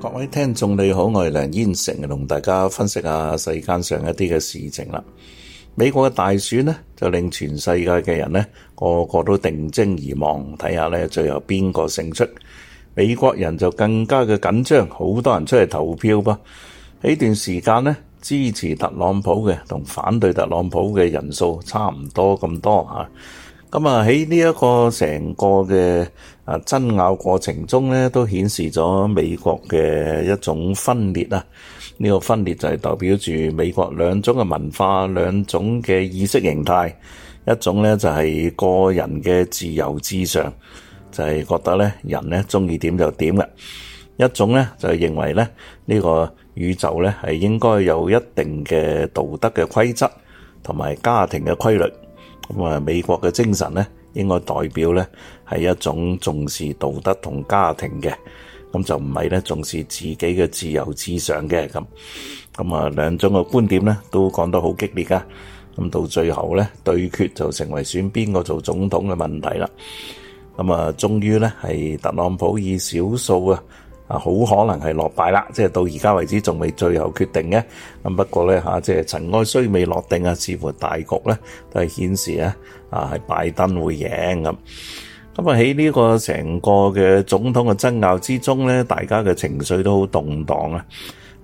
各位聽眾你好，我係梁燕成，同大家分析下世間上一啲嘅事情啦。美國嘅大選呢，就令全世界嘅人呢個個都定睛而望，睇下呢最後邊個勝出。美國人就更加嘅緊張，好多人出嚟投票噃。呢段時間呢，支持特朗普嘅同反對特朗普嘅人數差唔多咁多吓。咁啊喺呢一個成個嘅。啊，爭拗過程中咧，都顯示咗美國嘅一種分裂啊！呢、個分裂就係代表住美國兩種嘅文化、兩種嘅意識形態，一種咧就係個人嘅自由至上，就係、係、覺得咧人咧中意點就點噶；一種咧就係認為咧呢個宇宙咧係應該有一定嘅道德嘅規則同埋家庭嘅規律。咁啊，美國嘅精神咧應該代表咧。係一種重視道德同家庭嘅，咁就唔係咧重視自己嘅自由至上嘅咁。咁啊兩種嘅觀點咧都講得好激烈㗎。咁到最後咧對決就成為選邊個做總統嘅問題啦。咁啊，終於咧係特朗普以少數啊啊，好可能係落敗啦。即係到而家為止仲未最後決定嘅。咁不過咧嚇、啊，即係塵埃雖未落定啊，似乎大局咧都係顯示咧啊係拜登會贏咁。咁啊，喺呢個成個嘅總統嘅爭拗之中咧，大家嘅情緒都好動蕩啊。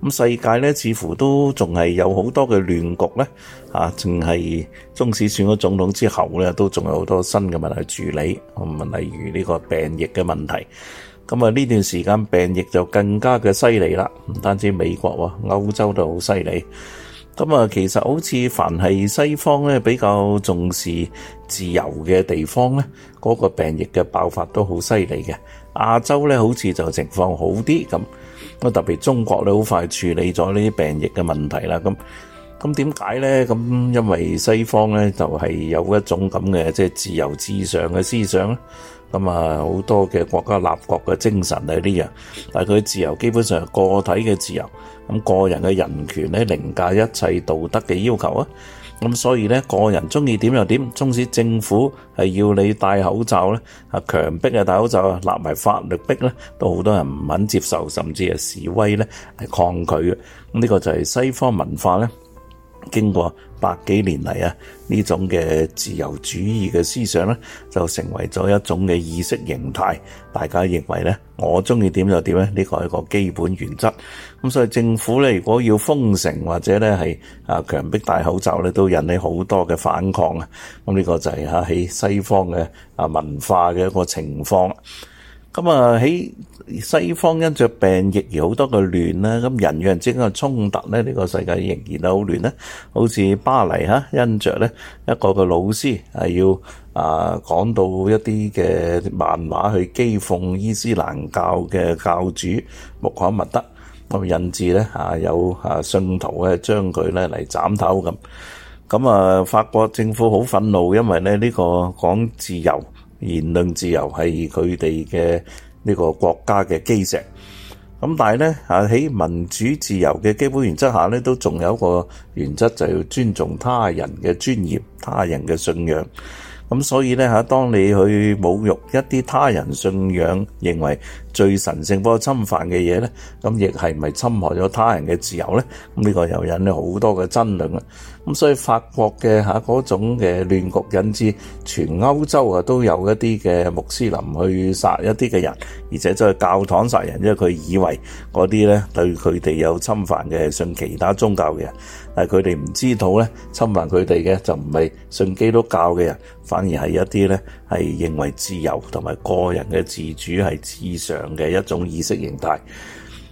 咁世界咧，似乎都仲係有好多嘅亂局咧。啊，淨係中選選咗總統之後咧，都仲有好多新嘅問題處理。咁啊例如呢個病疫嘅問題，咁啊呢段時間病疫就更加嘅犀利啦。唔單止美國，歐洲都好犀利。咁啊，其實好似凡係西方咧，比較重視自由嘅地方咧，嗰個病疫嘅爆發都好犀利嘅。亞洲咧，好似就情況好啲咁，咁特別中國咧，好快處理咗呢啲病疫嘅問題啦咁。咁點解咧？咁因為西方咧就係有一種咁嘅即係自由至上嘅思想啦。咁啊，好多嘅國家立國嘅精神係呢樣，但係佢自由基本上係個體嘅自由。咁個人嘅人權咧凌駕一切道德嘅要求啊。咁所以咧，個人中意點又點，縱使政府係要你戴口罩咧啊，強迫啊戴口罩啊，立埋法律逼咧，都好多人唔肯接受，甚至係示威咧係抗拒嘅。咁呢個就係西方文化咧。經過百幾年嚟啊，呢種嘅自由主義嘅思想咧，就成為咗一種嘅意識形態。大家認為咧，我中意點就點咧，呢個係一個基本原則。咁所以政府咧，如果要封城或者咧係啊強迫戴口罩咧，都引起好多嘅反抗啊。咁、這、呢個就係吓喺西方嘅啊文化嘅一個情況。咁啊喺西方因著病疫而好多嘅亂咧，咁人與人之間嘅衝突咧，呢個世界仍然都好亂咧。好似巴黎嚇，因著咧一個嘅老師係要啊講到一啲嘅漫畫去譏諷伊斯蘭教嘅教主穆罕默德，咁引致咧嚇有啊信徒咧將佢咧嚟斬頭咁。咁啊法國政府好憤怒，因為咧呢個講自由。言論自由係佢哋嘅呢個國家嘅基石，咁但係呢，喺民主自由嘅基本原則下，呢都仲有一個原則，就要尊重他人嘅專業、他人嘅信仰。咁所以咧嚇，當你去侮辱一啲他人信仰，認為最神聖、不可侵犯嘅嘢咧，咁亦係咪侵害咗他人嘅自由咧？咁、這、呢個又引起好多嘅爭論啊！咁所以法國嘅嚇嗰種嘅亂局引致全歐洲啊，都有一啲嘅穆斯林去殺一啲嘅人，而且就係教堂殺人，因為佢以為嗰啲咧對佢哋有侵犯嘅信其他宗教嘅人。係佢哋唔知道咧，侵犯佢哋嘅就唔係信基督教嘅人，反而係一啲咧係認為自由同埋個人嘅自主係至上嘅一種意識形態。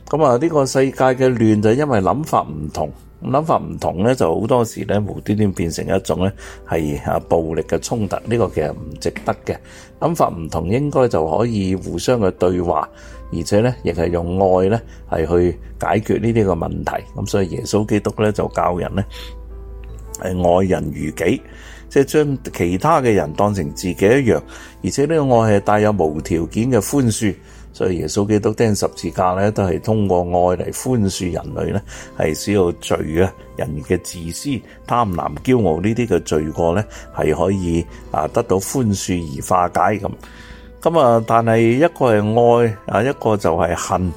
咁、嗯、啊，呢個世界嘅亂就係因為諗法唔同。諗法唔同咧，就好多時咧，無端端變成一種咧係啊暴力嘅衝突，呢個其實唔值得嘅。諗法唔同，應該就可以互相嘅對話，而且咧亦係用愛咧係去解決呢啲嘅問題。咁所以耶穌基督咧就教人咧係愛人如己，即係將其他嘅人當成自己一樣，而且呢個愛係帶有無條件嘅寬恕。所以耶穌基督釘十字架咧，都係通過愛嚟寬恕人類咧，係所有罪啊、人嘅自私、貪婪、驕傲呢啲嘅罪過咧，係可以啊得到寬恕而化解咁。咁、嗯、啊，但係一個係愛啊，一個就係恨。咁、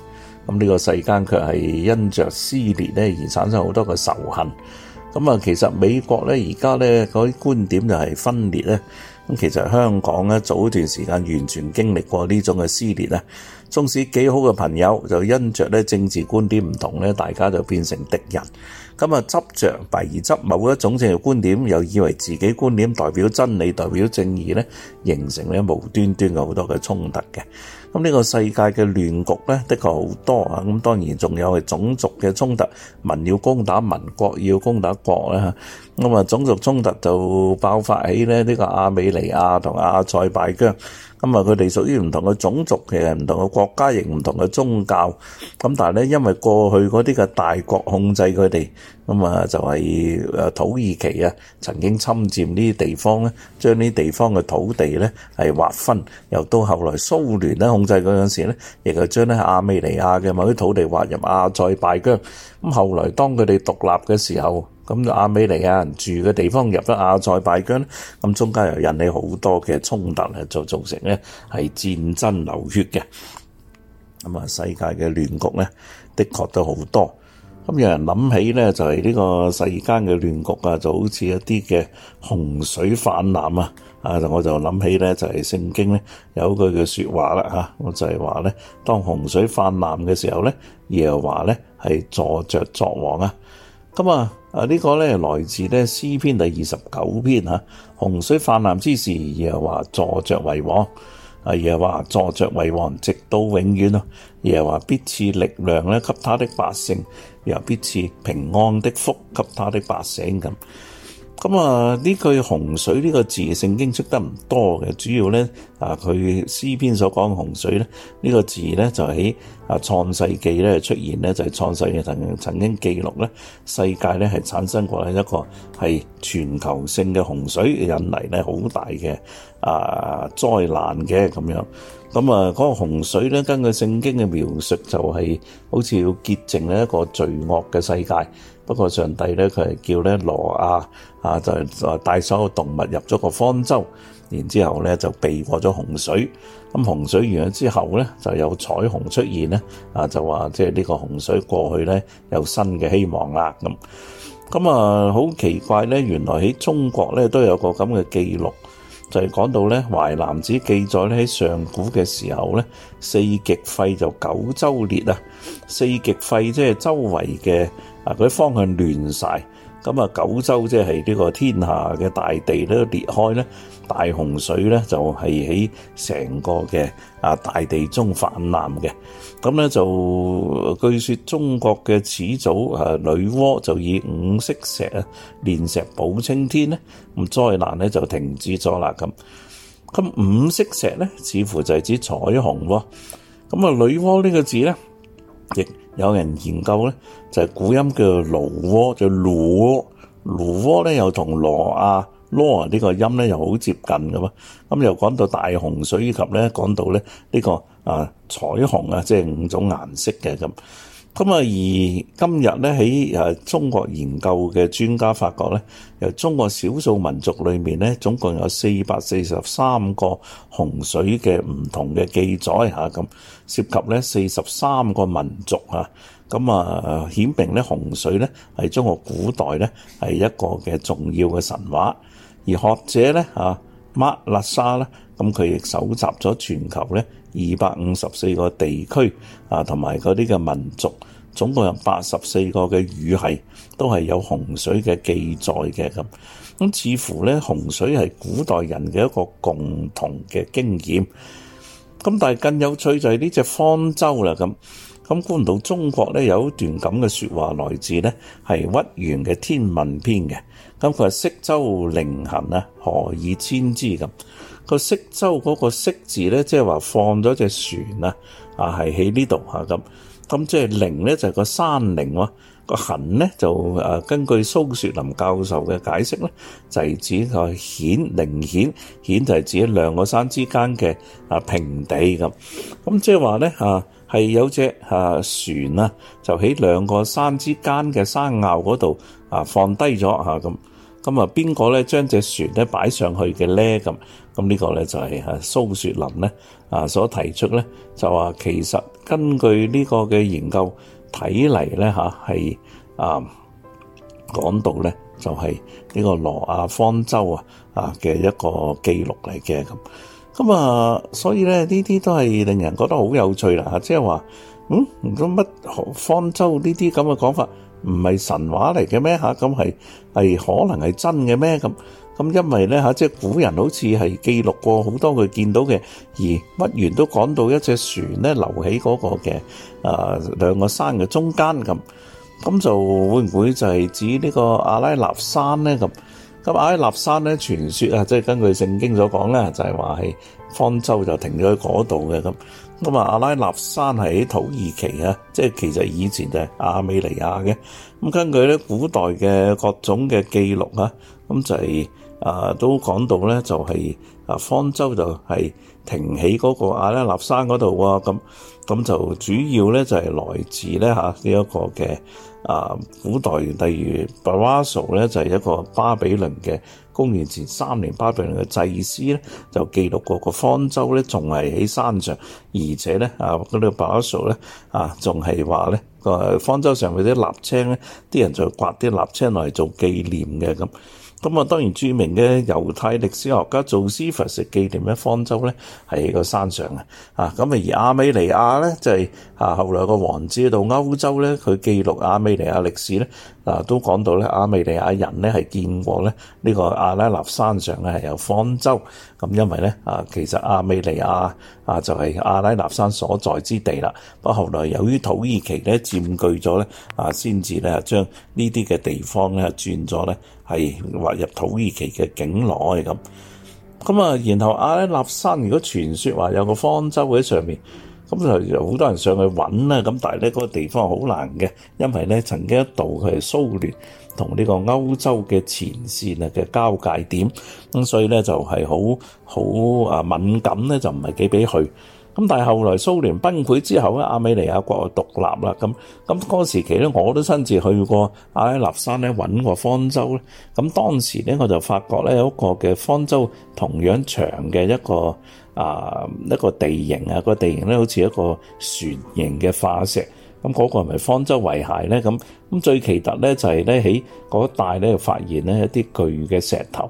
嗯、呢、這個世間卻係因着撕裂咧而產生好多嘅仇恨。咁、嗯、啊，其實美國咧而家咧嗰啲觀點就係分裂咧。咁其實香港咧早一段時間完全經歷過呢種嘅撕裂啊！縱使幾好嘅朋友，就因着咧政治觀點唔同咧，大家就變成敵人。咁啊，執著，而執某一種政治觀點，又以為自己觀點代表真理、代表正義咧，形成咧無端端嘅好多嘅衝突嘅。咁呢個世界嘅亂局咧，的確好多啊。咁當然仲有係種族嘅衝突，民要攻打民，國要攻打國咧嚇。咁啊，種族衝突就爆發起咧，呢個亞美尼亞同阿塞拜疆。咁啊！佢哋屬於唔同嘅種族，其實唔同嘅國家，亦唔同嘅宗教。咁但係咧，因為過去嗰啲嘅大國控制佢哋，咁啊就係誒土耳其啊曾經侵佔呢啲地方咧，將呢啲地方嘅土地咧係劃分，又到後來蘇聯咧控制嗰陣時咧，亦係將咧亞美尼亞嘅某啲土地劃入亞塞拜疆。咁後來當佢哋獨立嘅時候。咁就亞美尼亞人住嘅地方入咗亞塞拜疆咧，咁中間又引起好多嘅衝突咧，就造成咧係戰爭流血嘅。咁啊，世界嘅亂局咧，的確都好多。咁有人諗起咧，就係呢個世間嘅亂局啊，就好似一啲嘅洪水泛濫啊。啊，我就諗起咧，就係聖經咧有句嘅説話啦嚇，我就係話咧，當洪水泛濫嘅時候咧，耶和華咧係坐着作王啊。咁啊～啊！這個、呢個咧來自咧詩篇第二十九篇吓、啊，洪水泛濫之時，耶和華坐著為王，耶和華坐著為王直到永遠咯，耶和華必賜力量咧給他的百姓，又必賜平安的福給他的百姓咁。咁啊！呢、嗯、句洪水呢個字，聖經識得唔多嘅，主要咧啊，佢詩篇所講洪水咧，呢、這個字咧就喺啊創世記咧出現咧，就係、是、創世記曾曾經記錄咧，世界咧係產生過一個係全球性嘅洪水引嚟咧，好大嘅啊災難嘅咁樣。咁啊，嗰個洪水咧，根據聖經嘅描述，就係好似要潔淨一個罪惡嘅世界。不過上帝咧，佢係叫咧羅亞啊，就話、是、帶所有動物入咗個方舟，然之後咧就避過咗洪水。咁、嗯、洪水完咗之後咧，就有彩虹出現咧，啊就話即係呢個洪水過去咧，有新嘅希望啦。咁咁啊，好、嗯、奇怪咧，原來喺中國咧都有個咁嘅記錄。就係講到咧，《淮南子》記載咧喺上古嘅時候咧，四極廢就九州裂啊！四極廢即係周圍嘅啊嗰啲方向亂晒。咁啊九州即係呢個天下嘅大地咧裂開咧，大洪水咧就係喺成個嘅啊大地中泛濫嘅。咁咧就據說中國嘅始祖啊女媧就以五色石啊煉石補青天咧，咁災難咧就停止咗啦。咁咁五色石咧似乎就係指彩虹喎。咁啊女媧呢個字咧亦。有人研究咧，就係、是、古音叫做盧窩，就盧窩，盧窩咧又同羅啊，羅啊呢個音咧又好接近嘅喎。咁、嗯、又講到大洪水，以及咧講到咧呢、這個啊彩虹啊，即係五種顏色嘅咁。咁啊！而今日咧，喺誒中國研究嘅專家發覺咧，由中國少數民族裏面咧，總共有四百四十三個洪水嘅唔同嘅記載嚇咁，涉及咧四十三個民族啊！咁啊，顯明咧洪水咧係中國古代咧係一個嘅重要嘅神話。而學者咧啊，麥拉沙咧，咁佢亦搜集咗全球咧二百五十四個地區啊，同埋嗰啲嘅民族。總共有八十四個嘅語系，都係有洪水嘅記載嘅咁。咁似乎咧洪水係古代人嘅一個共同嘅經驗。咁但係更有趣就係呢隻方舟啦咁。咁估唔到中國咧有一段咁嘅說話來自咧係屈原嘅《天問》篇嘅。咁佢係釋舟靈行啊，何以千之咁？釋舟嗰個釋舟嗰個釋字咧，即係話放咗隻船啊，啊係喺呢度啊咁。咁即係零咧就是，個山零喎，個痕咧就誒根據蘇雪林教授嘅解釋咧，就係指個險零險，險就係指兩個山之間嘅啊平地咁。咁即係話咧啊，係有隻啊船啦，就喺兩個山之間嘅山坳嗰度啊放低咗啊咁。咁啊邊個咧將隻船咧擺上去嘅咧咁？咁呢個咧就係啊蘇雪林咧啊所提出咧，就話其實根據呢個嘅研究睇嚟咧嚇，係啊講到咧就係呢個挪亞方舟啊啊嘅一個記錄嚟嘅咁。咁啊所以咧呢啲都係令人覺得好有趣啦。即係話嗯，唔通乜方舟呢啲咁嘅講法唔係神話嚟嘅咩嚇？咁係係可能係真嘅咩咁？咁因為咧嚇，即係古人好似係記錄過好多佢見到嘅，而乜源都講到一隻船咧留喺嗰個嘅啊兩個山嘅中間咁，咁就會唔會就係指呢個阿拉納山咧咁？咁阿拉納山咧傳說啊，即係根據聖經所講咧，就係話係方舟就停咗喺嗰度嘅咁。咁啊阿拉納山喺土耳其啊，即係其實以前就係亞美尼亞嘅。咁根據咧古代嘅各種嘅記錄啊，咁就係、是。啊，都講到咧，就係啊，方舟就係停喺嗰個亞拉納山嗰度啊，咁咁就主要咧就係來自咧嚇呢一個嘅啊古代，例如巴哈蘇咧就係一個巴比倫嘅公元前三年巴比倫嘅祭司咧，就記錄過個方舟咧仲係喺山上，而且咧啊嗰個巴哈蘇咧啊仲係話咧，個方舟上面啲立青咧，啲人就刮啲立青落嚟做紀念嘅咁。咁啊，當然著名嘅猶太歷史學家做史佛食記，念樣方舟咧？係個山上嘅啊。咁啊，而亞美尼亞咧就係、是、啊，後來個王子到歐洲咧，佢記錄亞美尼亞歷史咧嗱、啊，都講到咧亞美尼亞人咧係見過咧呢、這個阿拉納山上嘅係有方舟咁、啊，因為咧啊，其實亞美尼亞啊就係阿拉納山所在之地啦。不過後來由於土耳其咧佔據咗咧啊，先至咧將呢啲嘅地方咧轉咗咧。係滑入土耳其嘅境內咁，咁啊，然後阿勒納山如果傳説話有個方舟喺上面，咁就好多人上去揾啦。咁但係咧，嗰個地方好難嘅，因為咧曾經一度佢係蘇聯同呢個歐洲嘅前線啊嘅交界點，咁所以咧就係好好啊敏感咧，就唔係幾俾去。咁但係後來蘇聯崩潰之後咧，亞美尼亞國就獨立啦，咁咁嗰時期咧，我都親自去過阿拉臘山咧，揾過方舟咧。咁當時咧，我就發覺咧有一個嘅方舟同樣長嘅一個啊一個地形啊，嗰個地形咧好似一個船形嘅化石。咁、那、嗰個係咪方舟遺骸咧？咁咁最奇特咧就係咧喺嗰帶咧發現咧一啲巨嘅石頭。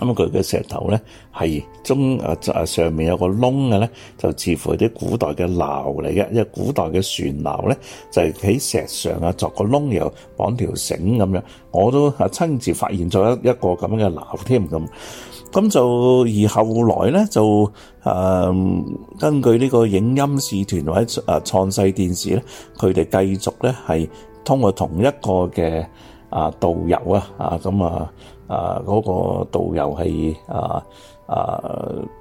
咁佢嘅石頭咧，係中啊上面有個窿嘅咧，就似乎啲古代嘅樓嚟嘅，因為古代嘅船樓咧，就係喺石上啊作個窿，又綁條繩咁樣。我都啊親自發現咗一一個咁嘅樓添咁。咁就而後來咧，就誒、嗯、根據呢個影音使團或者啊、呃、創世電視咧，佢哋繼續咧係通過同一個嘅。啊導遊啊啊咁啊啊嗰個導遊係啊啊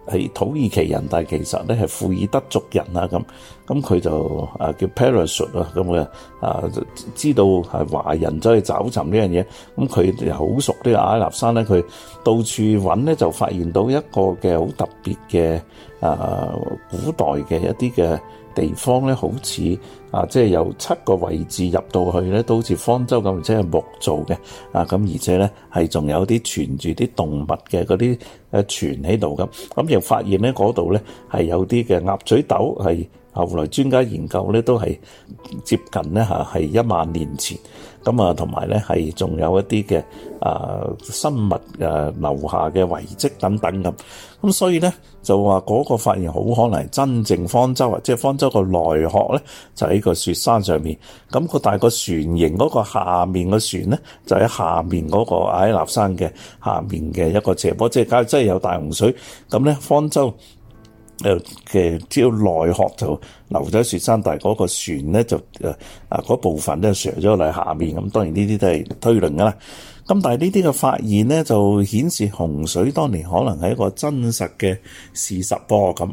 係土耳其人，但係其實咧係庫爾德族人啊咁，咁佢就啊叫 Parashu 啊咁嘅啊知道係華人走去找尋呢樣嘢，咁佢哋好熟呢個亞納山亞拉臘山咧，佢到處揾咧就發現到一個嘅好特別嘅啊古代嘅一啲嘅。地方咧好似啊，即係由七個位置入到去咧，都好似方舟咁，啊，而且係木造嘅啊，咁而且咧係仲有啲存住啲動物嘅嗰啲誒存喺度咁，咁又發現咧嗰度咧係有啲嘅鴨嘴豆。係後來專家研究咧都係接近咧嚇係一萬年前。咁啊，同埋咧，係仲有一啲嘅啊，生物啊留下嘅遺跡等等咁。咁所以咧，就話嗰個發現好可能係真正方舟啊，即係方舟個內殼咧，就喺個雪山上面。咁個大個船型嗰個下面個船咧，就喺下面嗰個矮立山嘅下面嘅一個斜坡。即係假如真係有大洪水，咁咧方舟。誒嘅、呃，只要內殼就留咗喺雪山，但係嗰個船咧，就誒啊嗰部分咧錫咗落嚟下面。咁。當然呢啲都係推論㗎喇。咁但係呢啲嘅發現咧，就顯示洪水當年可能係一個真實嘅事實噃咁。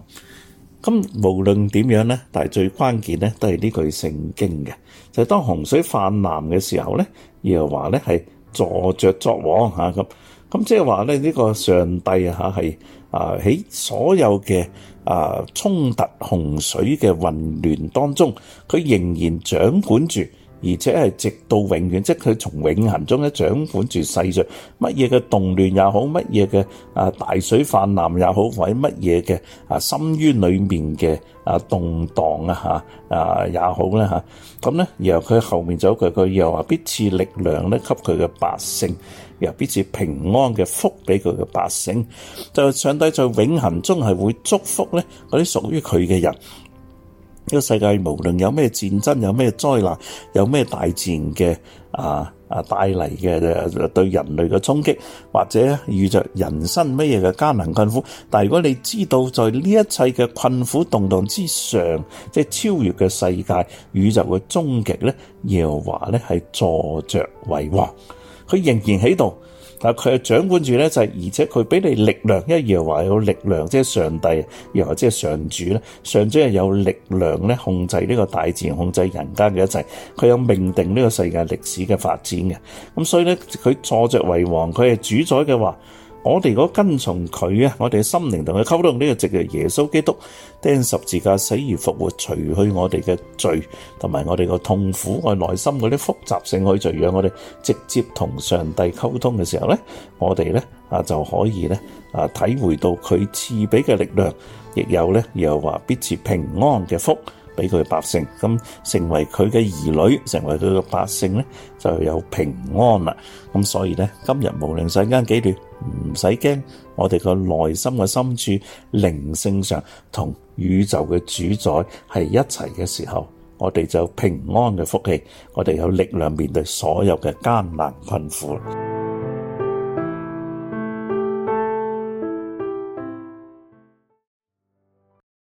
咁無論點樣咧，但係最關鍵咧都係呢句聖經嘅，就係、是、當洪水泛濫嘅時候咧，又話咧係坐着作王嚇咁。啊啊咁即係話咧，呢個上帝嚇係啊喺所有嘅啊衝突洪水嘅混亂當中，佢仍然掌管住，而且係直到永遠，即係佢從永恆中咧掌管住世上乜嘢嘅動亂也好，乜嘢嘅啊大水泛濫也好，或者乜嘢嘅啊深淵裏面嘅啊動盪啊嚇啊也好咧嚇，咁咧然後佢後面咗句，佢又話必賜力量咧給佢嘅百姓。又必賜平安嘅福俾佢嘅百姓，就是，上帝在永恆中係會祝福咧嗰啲屬於佢嘅人。呢、呢個世界無論有咩戰爭、有咩災難、有咩大自然嘅啊啊帶嚟嘅、啊、對人類嘅衝擊，或者遇着人生乜嘢嘅艱難困苦，但係如果你知道在呢一切嘅困苦動盪之上，即係超越嘅世界宇宙嘅終極咧，耶和華咧係坐着為王。佢仍然喺度，但係佢係掌管住咧，就係，而且佢俾你力量，一樣話有力量，即係上帝，又或者係上主咧。上主係有力量咧，控制呢個大自然，控制人間嘅一切，佢有命定呢個世界歷史嘅發展嘅。咁所以咧，佢坐着為王，佢係主宰嘅話。我哋如果跟從佢啊，我哋嘅心靈同佢溝通，呢個即係耶穌基督釘十字架死而復活，除去我哋嘅罪同埋我哋個痛苦，我內心嗰啲複雜性去罪，讓我哋直接同上帝溝通嘅時候咧，我哋咧啊就可以咧啊體會到佢慈悲嘅力量，亦有咧又話必至平安嘅福，俾佢嘅百姓，咁成為佢嘅兒女，成為佢嘅百姓呢，就有平安啦。咁所以呢，今日無論世間幾亂，唔使驚。我哋個內心嘅深處，靈性上同宇宙嘅主宰係一齊嘅時候，我哋就有平安嘅福氣，我哋有力量面對所有嘅艱難困苦。